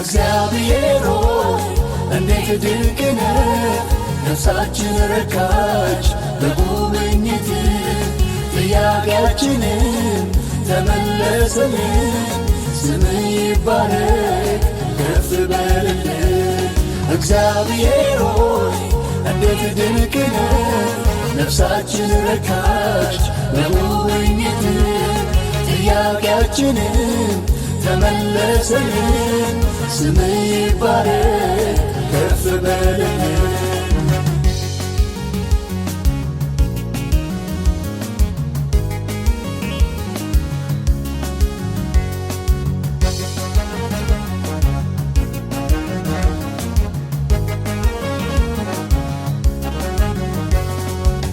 እግዚአብሔር ሆይ እንዴት ድንቅነ ነፍሳችን ረካች በጉብኝት ጥያቄያችንም ተመለሰልን። ስም ይባረክ ከፍ በልልን እግዚአብሔር እንዴት ድንቅነ ነፍሳችን ረካች በጉብኝት ጥያቄያችንም ተመለሰልን። Σημαίνει παρέ, έρθω μπερνέ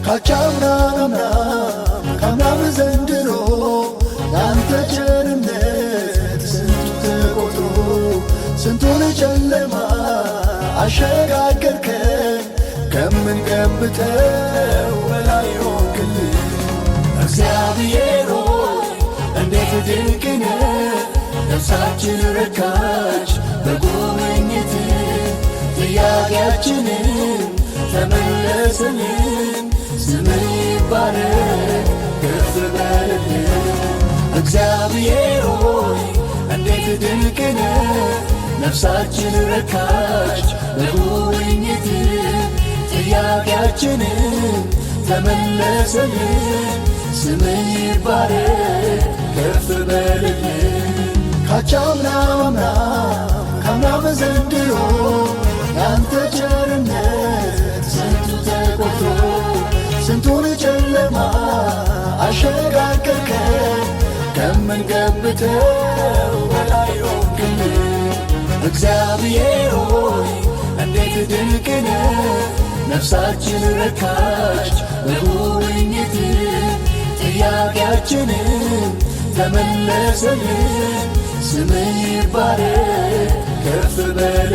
ከቻምናምና ከምናም ዘንድሮ ያንተ ጀ ጨለማ አሸጋገርከን ከምንቀብተው በላይ ሆንክልን እግዚአብሔር እንዴት ድንቅነ ነፍሳችን ረካች በጉብኝት ጥያቄያችንን ተመለሰልን ስምህ ይባረ ነፍሳችን ረካች በጉብኝት ጥያቄያችን ተመለሰልን። ስም ይባረክ ከፍ በልል ካቻምና አምና ካምናም ዘንድሮ ያንተ ቸርነት ስንቱ ተቆቶ ስንቱን ጨለማ አሸጋገርከ ከምንገብተው ድንቅነ ነፍሳችን ረካች በጉብኝት ጥያቄያችንን ተመለሰልን ስም ይባረ ከፍ በለ